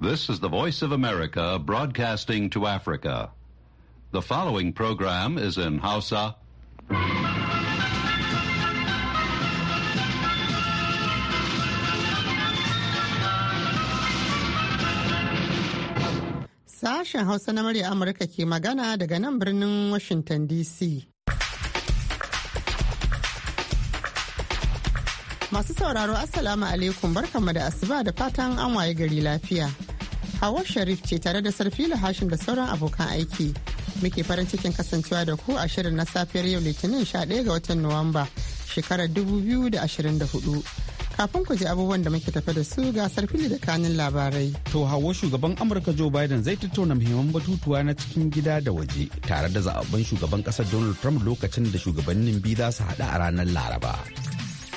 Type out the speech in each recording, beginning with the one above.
This is the Voice of America broadcasting to Africa. The following program is in Hausa. Sashen Hausa na murya Amurka ke magana daga nan birnin Washington DC. Masu sauraro Assalamu alaikum barkanmu da asuba da fatan an waye gari lafiya. Hawa Sharif ce tare da Sarfila hashin da sauran abokan aiki. Muke farin cikin kasancewa da ku a shirin na safiyar yau Litinin 11 ga watan Nuwamba shekarar 2024. Kafin ku ji abubuwan da muke tafe da su ga sarfila da kanin labarai. To hawa shugaban Amurka Joe Biden zai tattauna muhimman batutuwa na cikin gida da waje tare da zaɓen shugaban ƙasar Donald Trump lokacin da shugabannin biyu za su haɗu a ranar Laraba.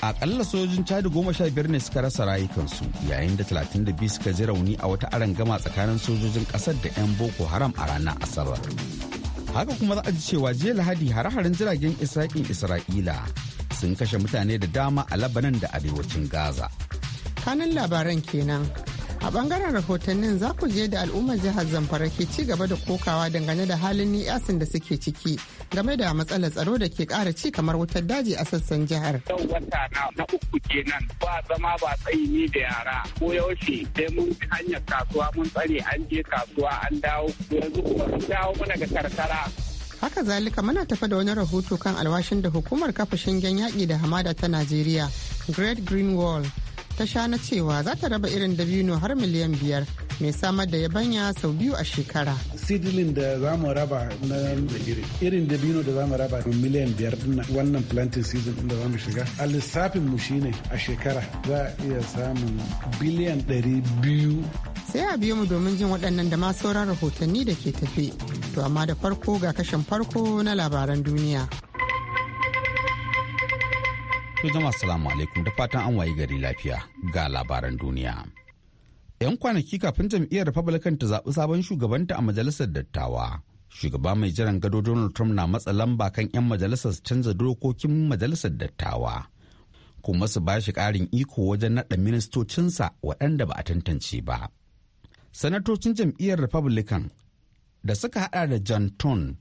akalla sojojin chadi goma sha biyar ne suka rasa rayukansu yayin da talatin da biyu suka ji rauni a wata gama tsakanin sojojin kasar da 'yan boko haram a ranar asabar haka kuma za a ji cewa jiya lahadi hare-haren jiragen isra'il isra'ila sun kashe mutane da dama a labanan da arewacin gaza kanan labaran kenan a bangaren rahotannin za ku je da al'ummar jihar zamfara ke ci gaba da kokawa dangane da halin niyasin da suke ciki game da matsalar tsaro da ke kara ci kamar wutar daji a sassan jihar yau wata na na uku kenan ba zama ba tsayi ni da yara ko yaushe sai mun hanyar kasuwa mun tsare an je kasuwa an dawo yanzu kuma dawo mana ga karkara haka zalika muna tafa da wani rahoto kan alwashin da hukumar kafa shingen yaƙi da hamada ta najeriya great green wall ta sha na cewa za ta raba irin dabino har miliyan biyar mai samar da yabanya sau biyu a shekara. Seedling da za mu raba na irin dabino da za mu raba miliyan biyar dinnan wannan planting season da za mu shiga. A lissafin mu shine a shekara za a iya samun biliyan ɗari biyu. Sai a biyo mu domin jin waɗannan da ma sauran rahotanni da ke tafi. To amma da farko ga kashin farko na labaran duniya. To jama'a salamu alaikum da fatan an wayi gari lafiya ga labaran duniya. 'Yan kwanaki kafin jam'iyyar Republican ta zaɓi sabon shugabanta a majalisar dattawa. Shugaba mai jiran gado Donald Trump na matsa lamba kan 'yan majalisar su canza dokokin majalisar dattawa. Kuma su ba shi ƙarin iko wajen naɗa ministocinsa waɗanda ba a tantance ba. Sanatocin jam'iyyar Republican da suka haɗa da John Tone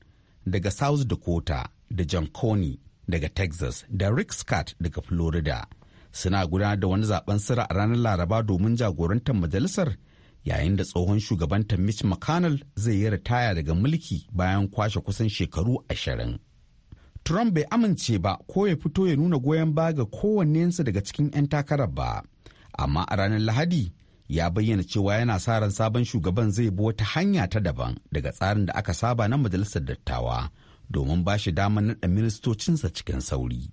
daga South Dakota da John Coney daga Texas da Rick Scott daga Florida suna gudanar da wani zaben sira a ranar Laraba domin jagorantar majalisar yayin da tsohon shugabanta Mitch McConnell zai yi ritaya daga mulki bayan kwashe kusan shekaru ashirin. Trump bai amince ba ko ya fito ya nuna goyon baya ga kowannensu daga cikin 'yan takarar ba, amma a ranar Lahadi ya bayyana cewa yana sa ran sabon shugaban zai bi wata hanya ta daban daga tsarin da aka saba na majalisar dattawa. domin ba shi damar naɗa ministocinsa cikin sauri.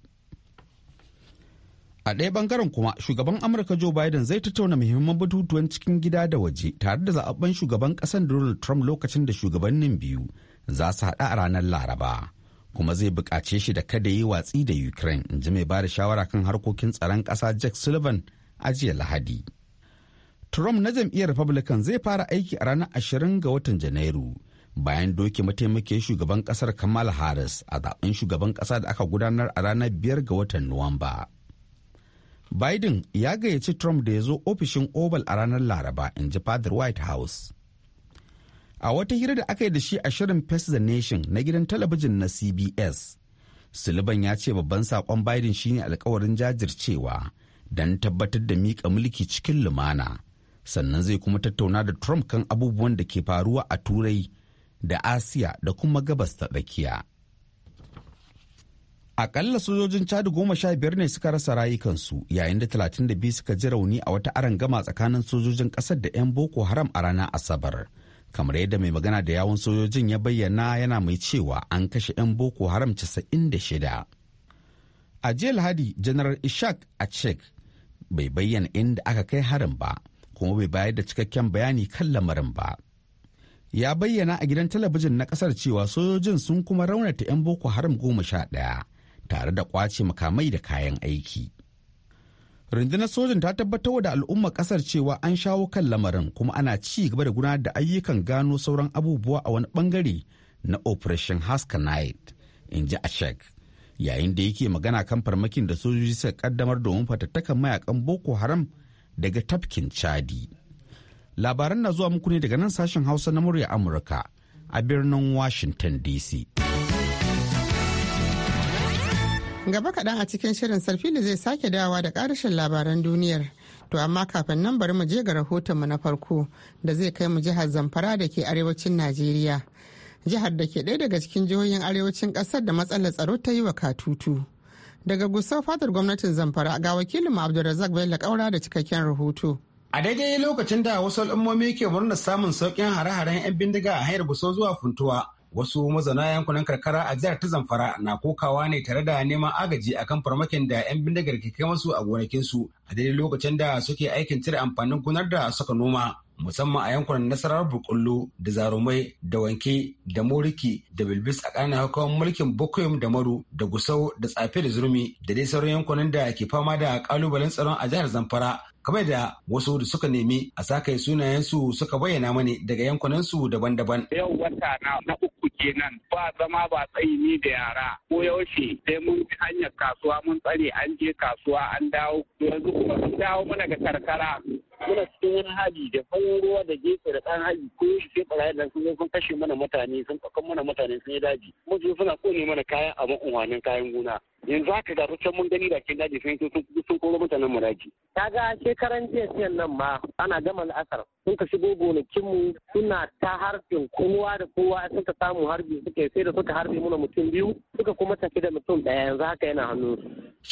A ɗaya bangaren kuma shugaban Amurka Joe Biden zai tattauna muhimman batutuwan cikin gida da waje tare da zaɓaɓɓen shugaban ƙasar Donald Trump lokacin da shugabannin biyu za su haɗa a ranar Laraba. Kuma zai buƙace shi da kada yi watsi da Ukraine in ji mai ba da shawara kan harkokin tsaron ƙasa Jack Sullivan a jiya Lahadi. Trump na jam'iyyar Republican zai fara aiki a ranar 20 ga watan Janairu bayan doke mataimakin shugaban kasar Kamal Harris a zaben shugaban kasa da aka gudanar a ranar biyar ga watan Nuwamba. Biden ya gayyaci Trump da ya zo ofishin Oval a ranar Laraba in ji fadar White House. A wata hira da aka yi da shi a shirin Face the Nation na gidan talabijin na CBS, Sullivan ya ce babban saƙon Biden shine alkawarin jajircewa don tabbatar da miƙa mulki cikin lumana, sannan zai kuma tattauna da Trump kan abubuwan da ke faruwa a Turai da asiya da kuma gabas ta tsakiya akalla sojojin chad goma sha biyar ne suka rasa rayukansu yayin da talatin da biyu suka ji rauni a wata aron gama tsakanin sojojin ƙasar da 'yan boko haram a ranar asabar kamar yadda mai magana da yawon sojojin ya bayyana yana mai cewa an kashe 'yan boko haram casa'in da shida. a jiya lahadi janar ishak a cek bai bayyana inda aka kai harin ba kuma bai bayar da cikakken bayani kan lamarin ba ya bayyana a gidan talabijin na kasar cewa sojojin sun kuma raunata 'yan boko haram goma sha ɗaya tare da kwace makamai da kayan aiki rundunar sojin ta tabbatar da al'ummar kasar cewa an shawo kan lamarin kuma ana ci gaba da gudanar da ayyukan gano sauran abubuwa a wani bangare na operation haska night in ji ashek yayin da yake magana kan farmakin da sojoji suka kaddamar domin fatattakan mayakan boko haram daga tafkin chadi. labaran na zuwa muku ne daga nan sashen hausa na murya amurka a birnin washington dc gaba kaɗan a cikin shirin sarfili zai sake dawa da ƙarashin labaran duniyar to amma kafin nan bari mu je ga rahotonmu na farko da zai kai mu jihar zamfara da ke arewacin najeriya jihar da ke ɗaya daga cikin jihohin arewacin ƙasar da matsalar tsaro ta yi wa katutu daga gusau fatar gwamnatin zamfara ga Wakilinmu abdulrazak bello kaura da cikakken rahoto A daidai lokacin da wasu al'ummomi ke murnar samun sauƙin hare-haren 'yan bindiga a hanyar Buso zuwa Funtuwa, wasu mazauna yankunan karkara a jihar ta Zamfara na kokawa ne tare da neman agaji a kan farmakin da 'yan bindigar ke kai masu a gonakinsu a daidai lokacin da suke aikin cire amfanin gonar da suka noma. musamman a yankunan nasarar bukullu da zarumai da wanke da moriki da bilbis a ƙananan hukumar mulkin bukoyim da maru da gusau da tsafe da zurmi da dai sauran yankunan da ke fama da kalubalen tsaron a jihar zamfara kamar da wasu da suka nemi a sa kai su suka bayyana mani daga yankunansu daban-daban. Yau wata na uku kenan ba zama ba tsayi ni da yara ko yaushe sai mun hanyar kasuwa mun tsare an je kasuwa an dawo yanzu kuma sun dawo mana ga karkara muna cikin wani hali da farin da gefe da ɗan hali ko shi sai ɓarayi nan sun sun kashe mana mutane sun ɗaukan mana mutane sun yi daji mun suna kone mana kayan a unwanin kayan gona yanzu haka ga can mun gani bakin daji sun sun sun koro mutanen mu daji kaga shekaran jiya siyan nan ma ana gama la'asar sun ka shigo gonakin mu suna ta harfin kowa da kowa sun ka samu harbi suke, sai da suka harbi muna mutum biyu suka kuma tafi da mutum daya yanzu haka yana hannu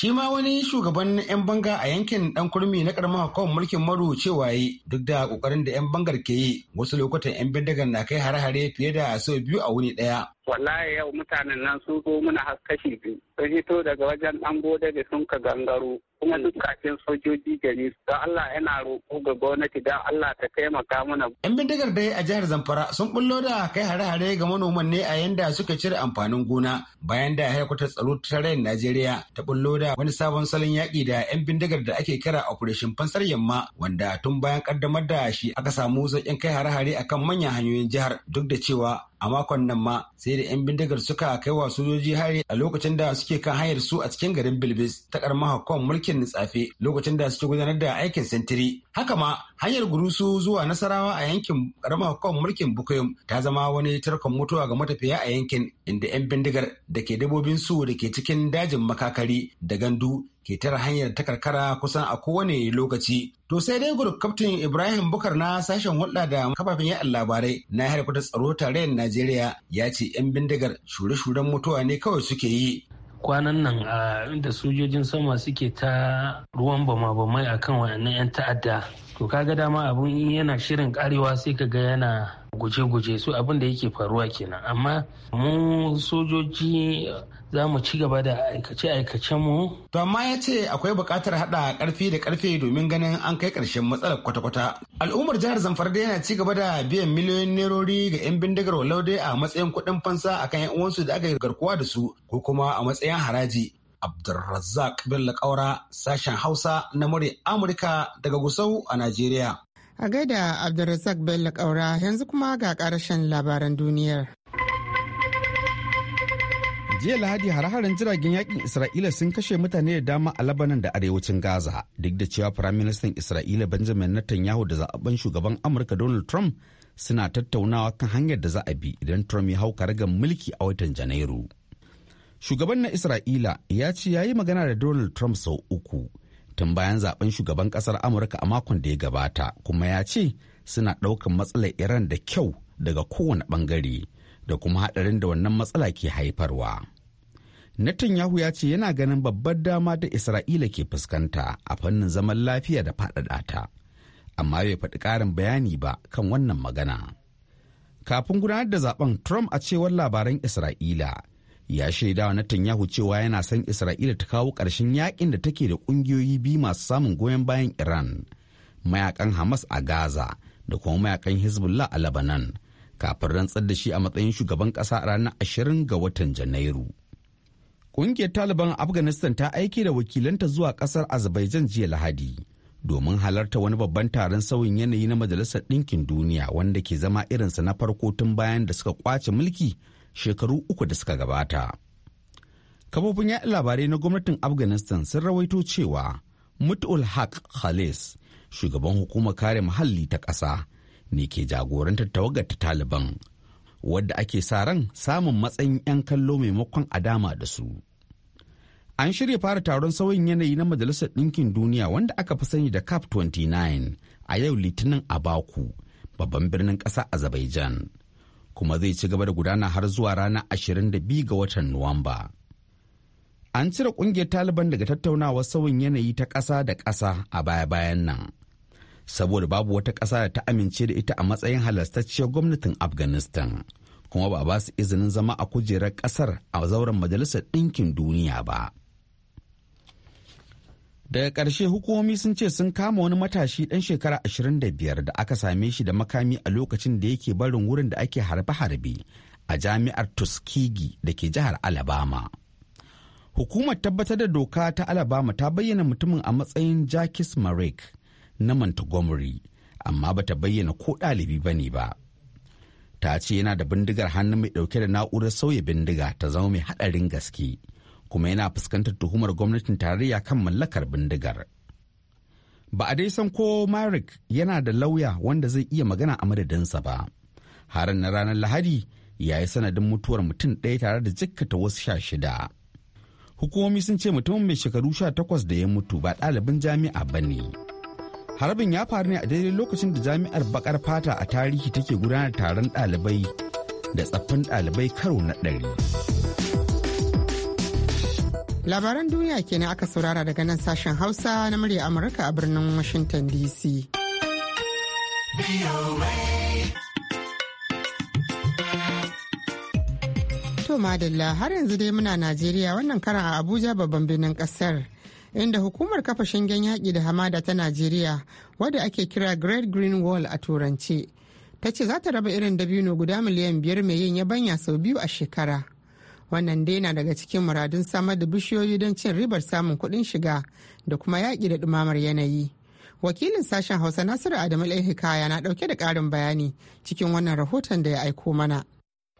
shi ma wani shugaban yan banga a yankin dan kurmi na karamar hukumar mulkin maru cewa yi duk da kokarin da yan bangar ke yi wasu lokutan yan bindigar na kai hare-hare fiye da sau biyu a wuni daya wallahi yau mutanen nan sun zo muna har kashi biyu sun hito daga wajen ɗan gode da sun ka gangaro kuma dukkan sojoji gari don Allah yana roƙo ga gwamnati don Allah ta taimaka mana. Yan bindigar dai a jihar Zamfara sun bullo da kai hare-hare ga manoman ne a yanda suka cire amfanin gona bayan da haikutar tsaro ta tarayyar Najeriya ta bullo da wani sabon salon yaƙi da yan bindigar da ake kira Operation Fansar Yamma wanda tun bayan kaddamar da shi aka samu sauƙin kai hare-hare akan manyan hanyoyin jihar duk da cewa a makon nan ma sai da 'yan bindigar suka kai wa sojoji hari a lokacin da suke kan hanyar su a cikin garin Bilbis ta karmar mulkin aikin nitsafe lokacin da suke gudanar da aikin sentiri Haka ma hanyar gurusu zuwa Nasarawa a yankin karamar hukumar mulkin bukayum ta zama wani tarkon mutuwa ga matafiya a yankin inda 'yan bindigar da ke dabobin su da ke cikin dajin makakari da gandu ke tara hanyar ta karkara kusan a kowane lokaci. To sai dai gurup kaftin Ibrahim Bukar na sashen hulɗa da kafafen yaɗa labarai na harkar tsaro tarayyar Najeriya ya ce 'yan bindigar shure-shuren mutuwa ne kawai suke yi. kwanan nan a inda sojojin sama suke ta ruwan bama-bamai a kan wayannan 'yan ta'adda to kaga dama abun yana shirin karewa sai ka ga yana guje-guje su abin da yake faruwa kenan amma mu sojoji za mu ci gaba da aikace-aikacen mu. To amma ya ce akwai buƙatar haɗa ƙarfi da ƙarfe domin ganin an kai ƙarshen matsalar kwata-kwata. Al'ummar jihar Zamfara yana ci gaba da biyan miliyoyin nerori ga 'yan bindigar walaude a matsayin kuɗin fansa akan 'yan uwansu da aka yi garkuwa da su ko kuma a matsayin haraji. Abdulrazzaq Bello Kaura sashen Hausa na muri Amurka daga Gusau a Najeriya. A gaida Abdulrazzaq Bello Kaura yanzu kuma ga ƙarashen labaran duniyar. jiya lahadi hare jiragen yakin isra'ila sun kashe mutane da dama a labanan da arewacin gaza duk da cewa firaministan isra'ila benjamin netanyahu da zaben shugaban amurka donald trump suna tattaunawa kan hanyar da za a bi idan trump ya hau karagar mulki a watan janairu shugaban na isra'ila ya ce ya yi magana da donald trump sau uku tun bayan zaben shugaban kasar amurka a makon da ya gabata kuma ya ce suna ɗaukan matsalar iran da kyau daga kowane ɓangare da kuma haɗarin da wannan matsala ke haifarwa. Netanyahu ya ce yana ganin babbar dama da Isra'ila ke fuskanta a fannin zaman lafiya da faɗaɗa ta, amma bai faɗi ƙarin bayani ba kan wannan magana. Kafin gudanar da zaben Trump a cewar labaran Isra'ila ya shaida wa Netanyahu cewa yana son Isra'ila ta kawo ƙarshen yakin da take da ƙungiyoyi biyu masu samun goyon bayan Iran, mayakan Hamas a Gaza da kuma mayakan Hezbollah a Lebanon. kafin rantsar da shi a matsayin shugaban ƙasa a ranar 20 ga watan Janairu. Ƙungiyar Taliban Afghanistan ta aiki da wakilanta zuwa ƙasar Azerbaijan jiya Lahadi domin halarta wani babban taron sauyin yanayi na Majalisar Ɗinkin Duniya wanda ke zama irinsa na farko tun bayan da suka kwace mulki shekaru uku da suka gabata. Kafofin yaɗa labarai na gwamnatin Afghanistan sun rawaito cewa Mut'ul Haq Khalis, shugaban hukumar kare muhalli ta ƙasa, ne ke jagorantar tawagar ta Taliban. wadda ake sa ran samun matsayin 'yan kallo maimakon a dama da su. An shirya fara taron sauyin yanayi na Majalisar Ɗinkin Duniya wanda aka fi sani da CAP 29 a yau Litinin a Baku, babban birnin ƙasa Azerbaijan, kuma zai ci gaba da gudana har zuwa ranar 22 ga watan Nuwamba. An cire ƙungiyar Taliban daga tattaunawar sauyin yanayi ta ƙasa da ƙasa a baya-bayan nan. saboda babu wata ƙasa da ta amince da ita a matsayin halastacciyar gwamnatin afghanistan kuma ba ba su izinin zama a kujerar ƙasar a zauren majalisar ɗinkin duniya ba daga ƙarshe hukumomi sun ce sun kama wani matashi ɗan shekara 25 da aka same shi da makami a lokacin da yake barin wurin da ake harbe-harbe a jami'ar tuskegee da ke jihar alabama hukumar tabbatar da doka ta alabama ta bayyana mutumin a matsayin jakis marek na Montgomery, amma ba ta bayyana ko ɗalibi ba ne ba. Ta ce yana da bindigar hannu mai ɗauke da na'urar sauya bindiga ta zama mai haɗarin gaske, kuma yana fuskantar tuhumar gwamnatin tarayya kan mallakar bindigar. Ba a dai san ko Marik yana da lauya wanda zai iya magana a madadinsa ba. Harin na ranar Lahadi ya yi sanadin mutuwar mutum ɗaya tare da jikkata wasu sha shida. hukumomi sun ce mutumin mai shekaru sha takwas da ya mutu ba ɗalibin jami'a ba ne. harabin ya faru ne a daidai lokacin da jami'ar bakar fata a tarihi take gudanar taron ɗalibai da tsaffin ɗalibai karo na ɗari. labaran duniya kenan aka saurara daga nan sashen hausa na murya amurka a birnin washington dc to madalla har yanzu dai muna najeriya wannan karan a abuja babban birnin kasar inda hukumar kafa shingen yaƙi da hamada ta najeriya wadda ake kira great green wall a turance ta ce za ta raba irin dabino guda miliyan biyar mai yin yabanya sau biyu a shekara wannan dai na daga cikin muradun samar da bishiyoyi don cin ribar samun kuɗin shiga da kuma yaƙi da ɗumamar yanayi wakilin sashen hausa nasiru adamu hikaya na ɗauke da ƙarin bayani cikin wannan rahoton da ya aiko mana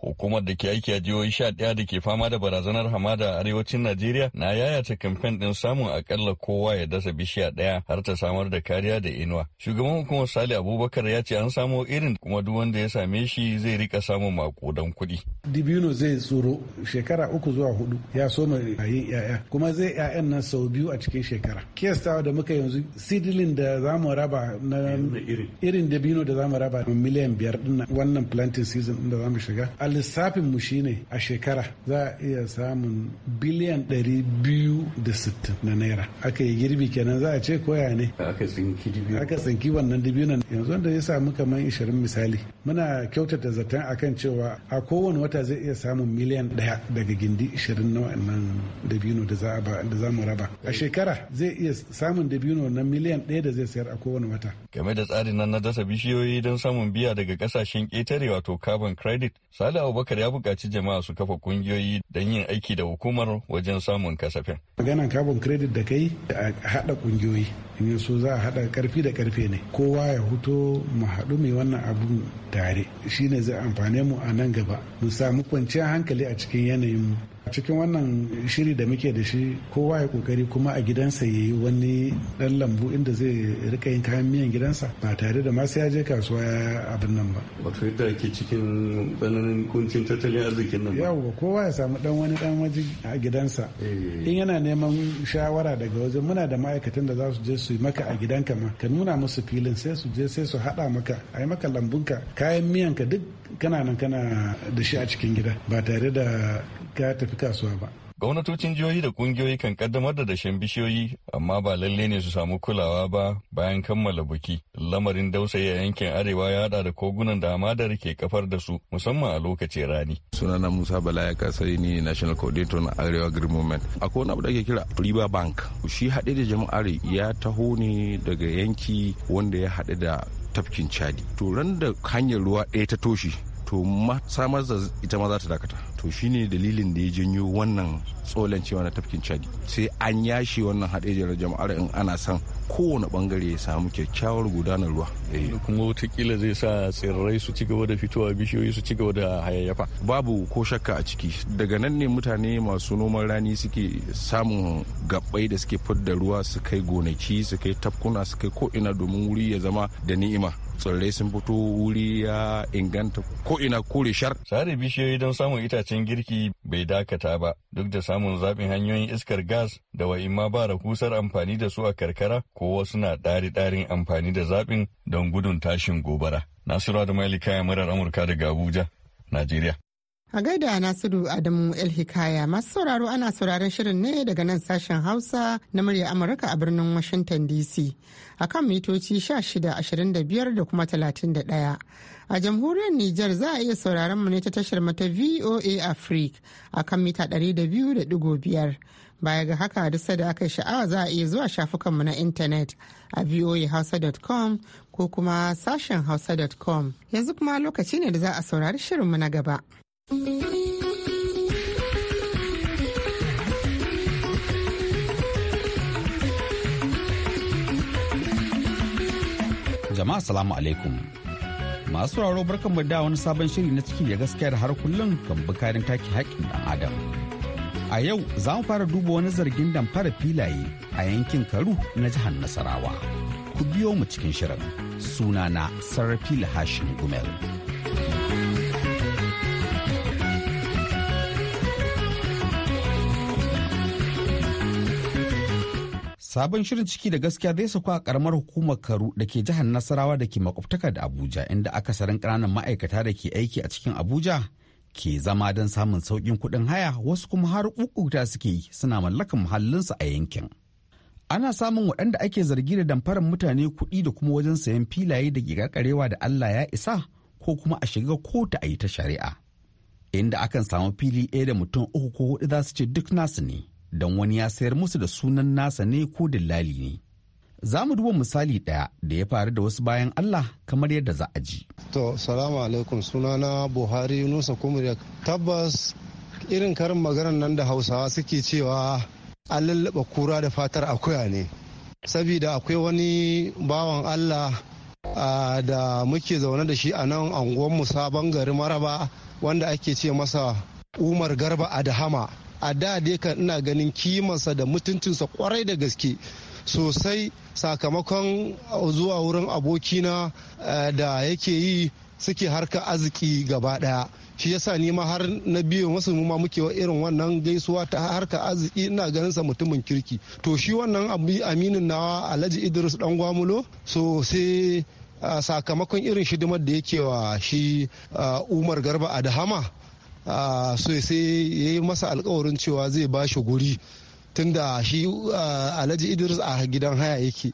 Hukumar da ke aiki a jihohi sha daya da ke fama da barazanar hamada a arewacin Najeriya na yayata kamfen ɗin samun akalla kowa ya dasa bishiya ɗaya har ta samar da kariya da inuwa. Shugaban hukumar sali Abubakar ya ce an samo irin kuma duk wanda ya same shi zai rika samun makudan kuɗi. Dibino zai tsoro shekara uku zuwa hudu ya soma yayi 'ya'ya kuma zai 'ya'yan nan sau biyu a cikin shekara. Kestawa da muka yanzu sidilin da za mu raba na irin dibino da za mu raba miliyan biyar ɗin wannan planting season da za mu shiga. lissafin mu shine a shekara za a iya samun biliyan 260 na naira aka yi girbi kenan za a ce koya ne aka tsinki wannan wannan yanzu da ya samu kamar 20 misali muna kyautata zaton akan cewa a kowane wata zai iya samun miliyan daya daga gindi 20 na wannan dabino da za mu raba a shekara zai iya samun dabino na miliyan daya da zai sayar a kowane wata game da tsarin nan na dasa bishiyoyi don samun biya daga kasashen ƙetare wato carbon credit sada Abubakar ya buƙaci jama'a su kafa ƙungiyoyi don yin aiki da hukumar wajen samun kasafin. Maganan carbon credit da kai a haɗa ƙungiyoyi. in so za a haɗa karfi da karfe ne kowa ya huto mu haɗu mai wannan abun tare shine zai amfane mu a nan gaba mu samu kwanciyar hankali a cikin yanayin a cikin wannan shiri da muke da shi kowa ya kokari kuma a gidansa ya yi wani dan lambu inda zai rika yin kayan miyan gidansa ba tare da masu ya kasuwa ya abin nan ba wato yadda ake cikin tsananin kuncin tattalin arzikin nan yawa kowa ya samu dan wani dan waje a gidansa eh. in yana neman shawara daga wajen muna da ma'aikatan da za su je su yi maka a gidanka ma ka nuna musu filin sai su je sai su haɗa maka a yi maka lambunka kayan miyanka duk kana nan kana da shi a cikin gida ba tare da ka tafi kasuwa ba Gwamnatocin jihohi da kungiyoyi kan kaddamar da dashen bishiyoyi amma ba lalle ne su samu kulawa ba bayan kammala buki. Lamarin dausayi a yankin arewa ya hada da kogunan da hamadar ke kafar da su musamman a lokacin rani. Sunana Musa Bala ya kasa ni National Coordinator na Arewa Green Movement. Akwai wani abu da ake kira River Bank. Shi hade da jama'ar ya taho ne daga yanki wanda ya hade da tafkin Chadi. To ran da hanyar ruwa ɗaya ta toshe to samar da ita ma za ta dakata. to shine dalilin da ya janyo wannan tsolancewa na tafkin chadi sai an yashi wannan haɗejiyar jama'ar in ana son kowane bangare ya samu kyakkyawar gudanar ruwa eh. kuma watakila zai sa tsirrai su ci gaba da fitowa bishiyoyi su ci gaba da hayayyafa babu ko shakka a ciki daga nan ne mutane masu noman rani suke samun gabbai da suke fidda ruwa su kai gonaki su kai tafkuna su kai ko'ina domin wuri ya zama da ni'ima tsirrai sun fito wuri ya inganta ko'ina kore shar sare bishiyoyi don samun itace lokacin girki bai dakata ba duk da samun zaɓin hanyoyin iskar gas da wa'in ma ba rakusar amfani da su a karkara ko wasu na ɗari-ɗarin amfani da zaɓin don gudun tashin gobara. Nasiru Adamu kayan murar Amurka daga Abuja, Najeriya. A gaida Nasiru Adamu El Hikaya masu sauraro ana sauraron shirin ne daga nan sashen Hausa na murya Amurka a birnin Washington DC a kan mitoci 1625 da kuma 31. A jamhuriyar Nijar za a iya sauraron mu ne ta tashar mata VOA Africa a kan mita 200.5. Baya ga haka duk da aka sha'awa za a iya zuwa shafukanmu na intanet a voahausa.com ko kuma sashen hausa.com. Yanzu kuma lokaci ne da za a saurari shirinmu na gaba. Jama'a salamu alaikum. Masu raro barkan da wani sabon shiri na ciki da gaskiya da har kullum kan bukarin take haƙƙin ɗan adam. A yau za mu fara duba wani zargin damfara filaye a yankin Karu na jihar Nasarawa. Ku biyo mu cikin shirin sunana Sarrafi lahashin Gumel. Sabon shirin ciki da gaskiya zai sauka a karamar hukumar Karu da ke jihar Nasarawa da ke makwabtaka da Abuja inda akasarin ƙananan ma'aikata da ke aiki a cikin Abuja ke zama don samun sauƙin kuɗin haya wasu kuma har kukuta suke yi suna mallakan muhallinsu a yankin. Ana samun waɗanda ake zargi da damfarar mutane kuɗi da kuma wajen sayan filaye da ke karkarewa da Allah ya isa ko kuma a shiga kotu a yi ta shari'a. Inda akan samu fili ɗaya da mutum uku ko huɗu za su ce duk nasu ne. don wani ya sayar musu da sunan nasa ne ko dillali ne. Za mu duba misali ɗaya da ya faru da wasu bayan Allah kamar yadda za a ji. To, salamu alaikum sunana Buhari Nusa Kumriya. Tabbas irin karin maganar nan da Hausawa suke cewa an lallaba kura da fatar akuya ne. Sabida akwai wani bawan Allah da muke zaune da shi a nan anguwan sabon gari maraba wanda ake ce masa Umar Garba Adahama. a da dai kan ina ganin kimansa da mutuncinsa kwarai da gaske sosai sakamakon zuwa wurin abokina eh, da yake yi suke harka arziki gaba daya shi yasa ni ma har na biyu wasu mu ma muke irin wannan gaisuwa ta harka arziki ina ganin sa mutumin kirki to shi wannan aminin nawa alhaji idris dan gwamulo so sai eh, sakamakon irin shidimar da yake wa shi eh, umar garba adahama so sai ya yi masa alkawarin cewa zai ba shi guri tunda shi alhaji idris a gidan haya yake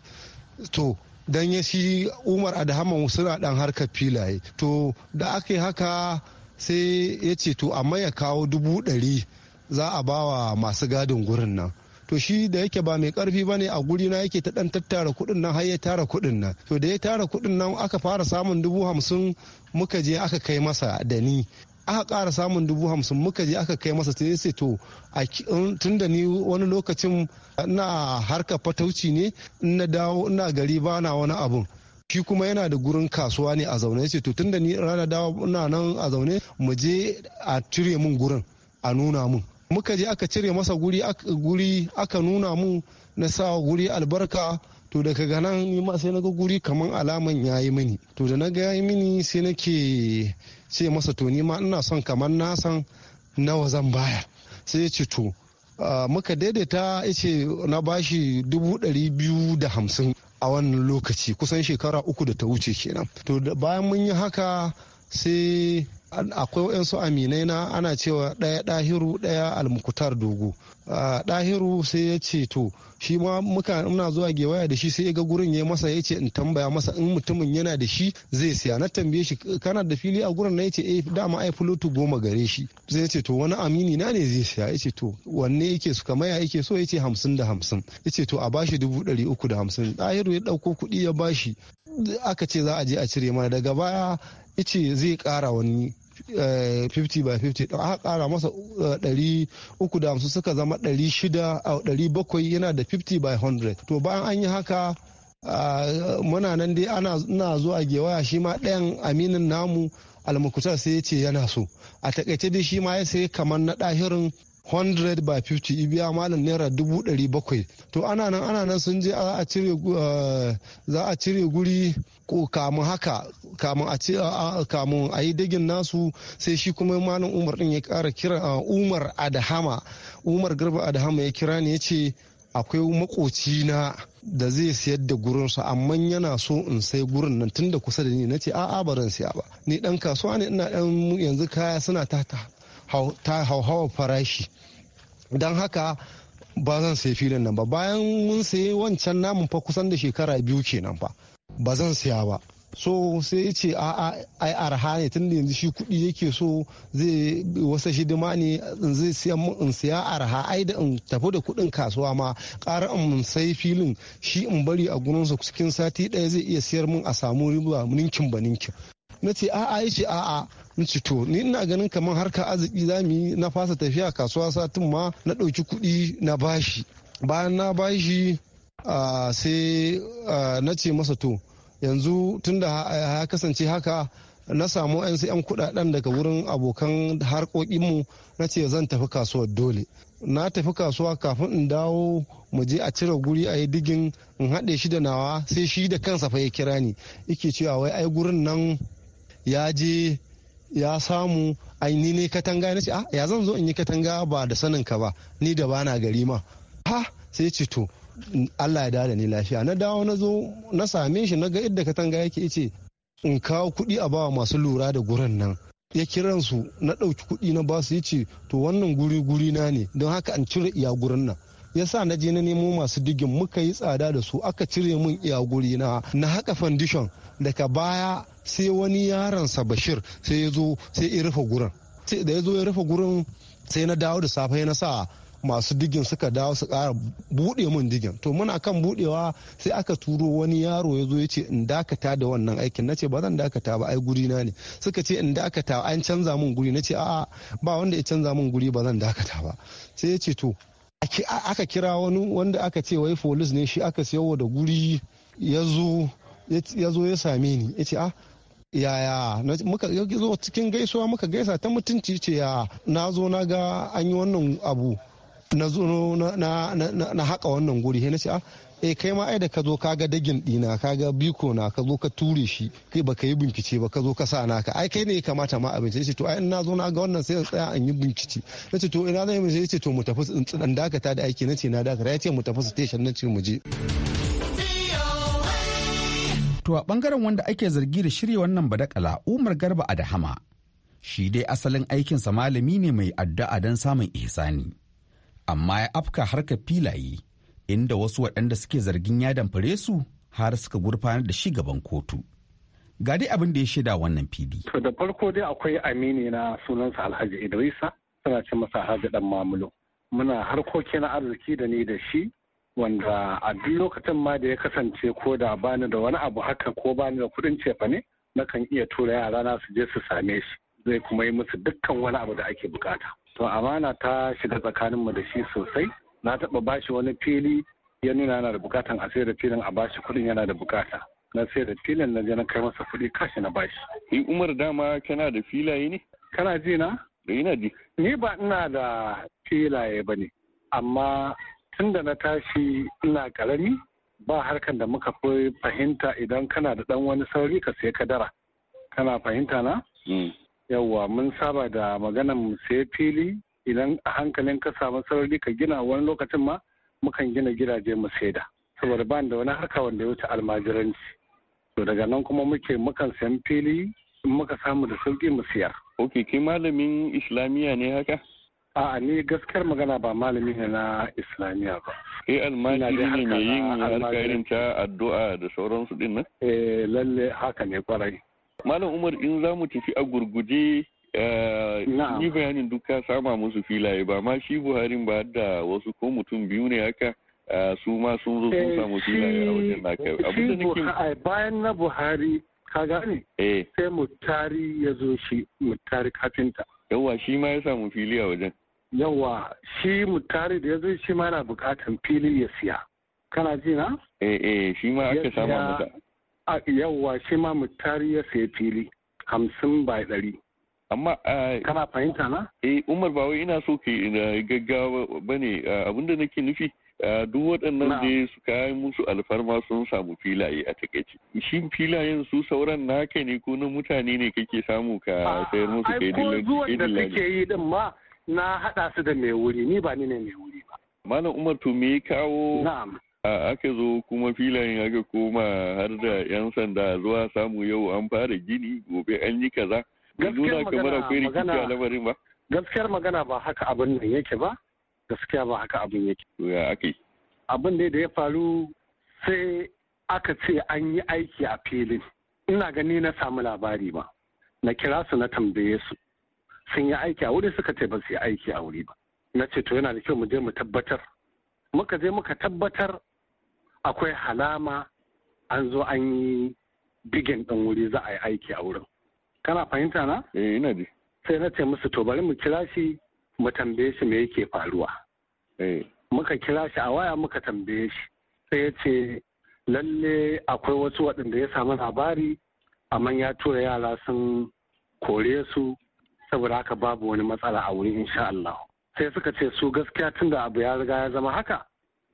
to dan ya shi umar adhaman suna dan harkar filaye to da aka yi haka sai ya ce to amma ya kawo dubu ɗari za a ba wa masu gadin gurin nan to shi da yake ba mai karfi ba ne a guri na yake ta dan tattara kuɗin nan har ya tara kuɗin nan to da ya tara kuɗin nan aka fara samun dubu hamsin muka je aka kai masa da ni aka kara samun dubu hamsin muka je aka kai masa sai sai to tun da ni wani lokacin na harka fatauci ne na dawo ina gari bana wani abun shi kuma yana da gurin kasuwa ne a zaune ce to tun da ni rana dawo ina nan a zaune mu je a cire mun gurin a nuna mun muka je aka cire masa guri aka nuna mu na sa guri albarka to daga ganan ni ma sai na ga guri kaman alaman yayi mini to da na ga yayi mini sai nake ce masa to ni ma ina son kaman na san nawa zan bayar sai ya ce to muka daidaita ya ce na bashi dubu ɗari biyu da hamsin a wannan lokaci kusan shekara uku da ta wuce kenan to bayan mun yi haka sai akwai wayansu aminai na ana cewa ɗaya ɗahiru ɗaya almukutar dogo ɗahiru sai ya ce to shi ma muka muna zuwa gewaya da shi sai ya ga gurin ya masa ya ce in tambaya masa in mutumin yana da shi zai siya na tambaye shi kana da fili a gurin na ya ce eh dama ai fulotu goma gare shi zai ce to wani amini na ne zai siya ya ce to wanne yake su ya yake so ya ce hamsin da hamsin ya ce to a bashi dubu ɗari uku da hamsin ɗahiru ya ɗauko kuɗi ya bashi aka ce za a je a cire mana daga baya ya ce zai kara wani 50 eh, by 50 don aka kara masa 350 eh, suka zama 600 a 700 yana da 50 by 100 to bayan an yi haka muna nan dai ana zuwa gewaya shi ma ɗayan aminin namu almukutar sai ya ce yana so a takaice dai shi ma ya sai kamar na ɗahirin 100 by 50 ibiya malam naira dubu ɗari bakwai to ana nan ana nan sun je za a cire guri ko kamun haka kamun a ce kamun a yi dagin nasu sai shi kuma malam umar din ya kara kira umar adahama umar garba adahama ya kira ne ya ce akwai makoci na da zai sayar da gurinsa amma yana so in sai gurin nan tun da kusa da ni na ce a'a ba zan siya ba ni dan kasuwa ne ina dan yanzu kaya suna ta hauhawa farashi don haka ba zan sayi filin nan ba bayan mun sayi wancan namun fa kusan da shekara biyu kenan fa ba zan saya ba so sai ya ce a'a ai arha ne tun da yanzu shi kuɗi yake so zai wasa shi dima ne in zai siya in siya arha ai da in tafi da kuɗin kasuwa ma kara in sai filin shi in bari a gurinsa cikin sati ɗaya zai iya siyar mun a samu riba ninkin ba ninkin na ce a'a ya ce a'a in ci to ni ina ganin kamar harka arziki za mu yi na fasa tafiya kasuwa satin ma na ɗauki kuɗi na bashi bayan na bashi sai na ce masa to yanzu tunda ya kasance haka na samu 'yan sai 'yan kuɗaɗen daga wurin abokan harkokinmu na ce zan tafi kasuwar dole na tafi kasuwa kafin in dawo mu je a cire guri a yi digin in haɗe shi da nawa sai shi da kansa fa ya kira ni yake cewa wai ai gurin nan ya je ya samu aini ne katanga na ce ah, ya zan zo in yi katanga ba da sanin ka ba ni da bana gari ma ha sai ce to Allah ya dada ni lafiya na dawo na zo na same shi na ga idda katanga yake ce in kawo kuɗi a bawa masu lura da gurin nan ya kiran su na ɗauki kuɗi na basu ya ce to wannan guri guri na ne don haka an cire iya gurin nan ya sa na je na nemo masu digin muka yi tsada da su aka cire min iya guri na na haka foundation daga baya sai wani yaransa bashir sai ya zo sai ya rufe gurin sai da ya zo ya rufe gurin sai na dawo da safe na sa masu digin suka dawo su kara buɗe mun digin to muna kan buɗewa sai aka turo wani yaro ya zo ya ce in dakata da wannan aikin na ce ba zan dakata ba ai guri na ne suka ce in dakata an canza min guri na ce a'a ba wanda ya canza min guri ba zan dakata ba sai ya ce to aka kira wani wanda aka ce wai folis ne shi aka siyo da guri ya zo ya same ni ya ce ah yaya muka zo cikin gaisuwa muka gaisa ta mutunci ce ya na zo na ga an yi wannan abu na zo na haka wannan guri na ce a ah, eh kai ma ai da ka zo ka ga dagin dina ka ga biko na ka zo ka ture shi kai baka yi bincike ba ka zo ka sa naka ai kai ne ya kamata ma abin yace to ai na zo na ga wannan sai tsaya an yi bincike nace to ina zan yi bincike to mu tafi dan dakata da aiki nace na dakata ya ce mu tafi station ce mu je To a ɓangaren wanda ake zargi da shirya wannan badakala Umar Garba Adahama shi dai asalin aikinsa malami ne mai addu'a don samun ihsani. Amma ya afka harka filaye inda wasu waɗanda suke zargin ya damfare su har suka gurfanar da shi gaban kotu. Ga dai abin da ya shaida wannan fili. To da farko dai akwai amini na sunansa Alhaji Idrisa suna ce masa Alhaji Dan Mamulo. Muna harkoki na arziki da ni da shi wanda a duk lokacin ma da ya kasance ko da bani da wani abu haka ko bani da kudin cefa ne kan iya tura yara na su je su same shi zai kuma yi musu dukkan wani abu da ake bukata to amana ta shiga tsakanin mu da shi sosai na taɓa bashi wani fili ya nuna yana da bukatan a sai da filin a bashi kudin yana da bukata na sai da filin na je na kai masa kuɗi kashi na bashi Yi umar dama kana da filaye ne kana ji na ina ji ni ba ina da filaye ba ne amma tun da na tashi ina karami ba harkan da muka fi fahimta idan kana da dan wani sauri ka sai kadara kana fahimta na mm. yawwa mun saba da maganan sai fili idan a hankalin ka samu sarari ka gina wani lokacin ma mukan gina gidaje mu saida saboda ba da wani harka wanda ya wuce almajiranci to daga nan kuma muke mukan sayan fili in muka samu da sauki mu siyar ok kai malamin islamiyya ne haka A'a ni gaskiyar magana ba malami ne na Islamiyya ba. Eh almajiri ne mai yin harka irin ta addu'a da sauransu din nan? Eh lalle haka ne kwarai. Malam Umar in za mu tafi a gurguje eh, ni bayanin duka sama musu filaye ba ma shi Buharin ba da wasu ko mutum biyu ne haka eh, su ma sun zo sun eh, samu filaye a wajen naka. Abin da nake bayan na Buhari ka gane sai Mutari ya zo shi Mutari kafinta. Yawwa shi ma ya samu fili a wajen. Yawwa shi mutare da ya zo shi ma yana bukatan fili ya siya. Kana ji na? Eh eh shi ma aka samu a Yawwa shi ma mutare ya siya fili hamsin bai dari. amma kana fahimta na eh umar ba wai ina so ke eh, gaggawa bane abinda nake nufi Eh, duk waɗannan da suka yi musu alfarma sun samu filaye a takaice shin filayen su sauran naka ne ko na mutane ne kake samu ka ah, sayar musu kai ne da suke yi din ma na hada su da mai wuri ni ba ni ne mai wuri ba malam umar to me kawo a aka zo kuma filayen aka koma har da yan sanda zuwa samu yau an fara gini gobe an yi kaza gaskiyar magana ba gaskiyar magana ba haka abin nan yake ba gaskiya ba haka abin yake ya ake abin da ya faru sai aka ce an yi aiki a filin ina gani na samu labari ba na kira su na tambaye su sun yi aiki a wuri suka ce ba su yi aiki a wuri ba na ce to yana da kyau mu je mu tabbatar muka je muka tabbatar akwai halama an zo an yi digin ɗin wuri za a yi aiki a wurin kana fahimta na eh ina ji sai na ce musu to bari mu kira shi mu tambaye shi me yake faruwa eh. muka kira shi a waya muka tambaye shi sai ya ce lalle akwai wasu waɗanda ya samu labari amma ya tura yara sun kore su saboda haka babu wani matsala a wuri insha Allah sai suka ce su gaskiya da abu ya riga ya zama haka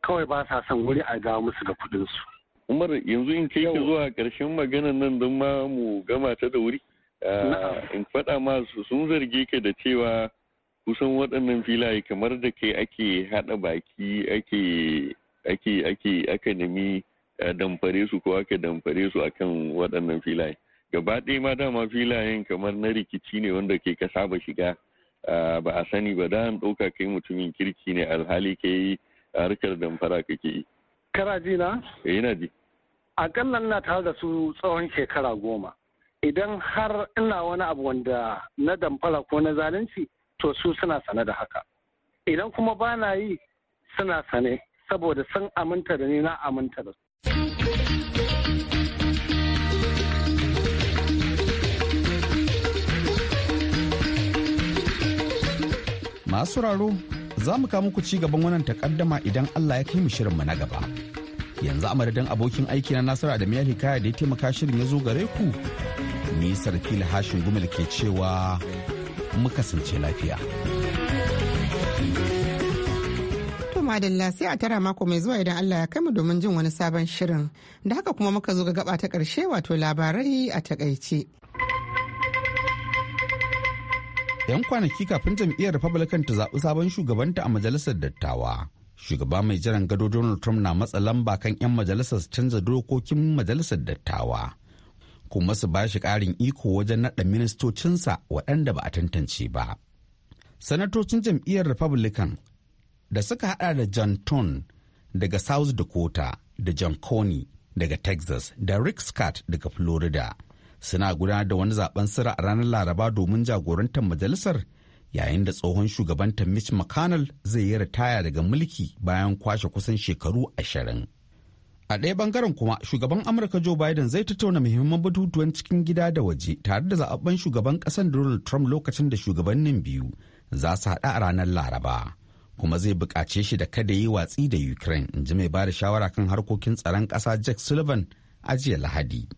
kawai ba sa son wuri a ga musu da kuɗin su Umar yanzu in kai ki zuwa ƙarshen magana nan don ma mu gama ta da wuri eh, in faɗa masu sun zarge ka da cewa kusan waɗannan filaye kamar da kai ake haɗa baki ake ake ake aka nemi eh, damfare su ko aka damfare su akan waɗannan filaye gaba ɗaya ma dama filayen kamar na rikici ne wanda ke ka saba shiga eh, ba a sani ba da an ɗauka kai mutumin kirki ne alhali yi harkar damfara kake yi kana ji na yana eh, ji akalla ina tare da su tsawon shekara goma idan har ina wani abu wanda na damfara ko na zalunci to su suna sane da haka idan kuma ba na yi suna sane saboda sun aminta da ni na aminta da su masu raro za mu kawo muku ci gaban wannan takaddama idan Allah ya kai mu shirinmu na gaba. Yanzu a madadin abokin aiki na Nasiru Adamu Hikaya da ya taimaka shirin ya zo gare ku. Ni Sarki Hashin Gumal ke cewa mu kasance lafiya. madalla sai a tara mako mai zuwa idan Allah ya kaimu domin jin wani sabon shirin da haka kuma muka zo ga gaba ta karshe wato labarai a takaice. yan kwanaki kafin jam'iyyar republican ta zaɓi sabon shugabanta a majalisar dattawa shugaba mai jiran gado donald trump na matsa lamba kan 'yan majalisar su canza dokokin majalisar dattawa kuma su ba shi ƙarin iko wajen naɗa ministocinsa waɗanda ba a tantance ba. Sanatocin jam'iyyar Republican da suka haɗa da John Tone daga South Dakota da John Coney daga Texas da Rick Scott daga Florida suna gudanar da wani zaben sira a ranar Laraba domin jagorantar majalisar yayin da tsohon shugabanta Mitch McConnell zai yi ritaya daga mulki bayan kwashe kusan shekaru ashirin. A ɗaya bangaren kuma shugaban Amurka Joe Biden zai tattauna muhimman batutuwan cikin gida da waje tare da zaɓaɓɓen shugaban ƙasar Donald Trump lokacin da shugabannin biyu za su haɗa a ranar Laraba. Kuma zai buƙace shi da kada yi watsi da Ukraine in ji mai bada shawara kan harkokin tsaron ƙasa Jack Sullivan a jiya Lahadi.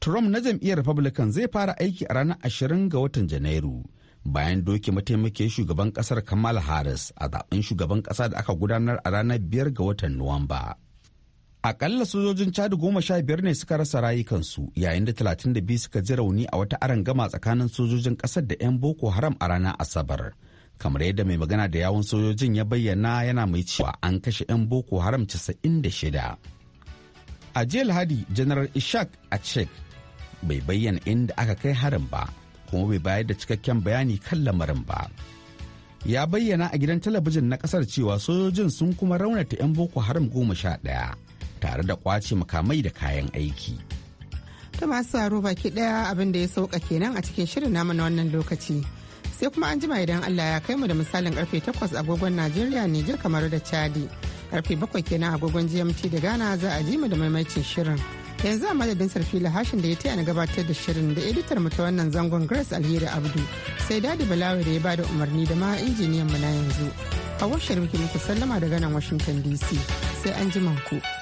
Trump na jam'iyyar Republican zai fara aiki a ranar ashirin ga watan Janairu bayan doke mataimakin shugaban ƙasar Kamala Harris a zaɓen shugaban ƙasa da aka gudanar a ranar biyar ga watan Nuwamba. Akalla sojojin Chad goma sha biyar ne suka rasa rayukansu yayin da talatin da biyu suka ji rauni a wata arangama tsakanin sojojin ƙasar da 'yan Boko Haram a ranar Asabar. Kamar yadda mai magana da yawun sojojin ya bayyana yana mai cewa an kashe 'yan Boko Haram casa'in 96. A jiya Lahadi, janaral Ishak a Achek bai bayyana inda aka kai harin ba, kuma bai bayar da cikakken bayani kan lamarin ba. Ya bayyana a gidan talabijin na kasar cewa sojojin sun kuma raunata 'yan Boko Haram goma sha ɗaya. tare da kwace makamai da kayan aiki. Ta masu saro baki daya abin da ya sauka kenan a cikin shirin namu na wannan lokaci. Sai kuma an jima idan Allah ya kai mu da misalin karfe 8 agogon Najeriya Nijar kamar da Chadi. Karfe bakwai kenan agogon GMT da Ghana za a ji mu da maimacin shirin. Yanzu a madadin sarfi hashin da ya taya na gabatar da shirin da editar mu ta wannan zangon Grace Alheri Abdu sai Dadi Balawi da ya bada umarni da ma injiniyan mu na yanzu. A washe muku sallama daga nan Washington DC sai an ku.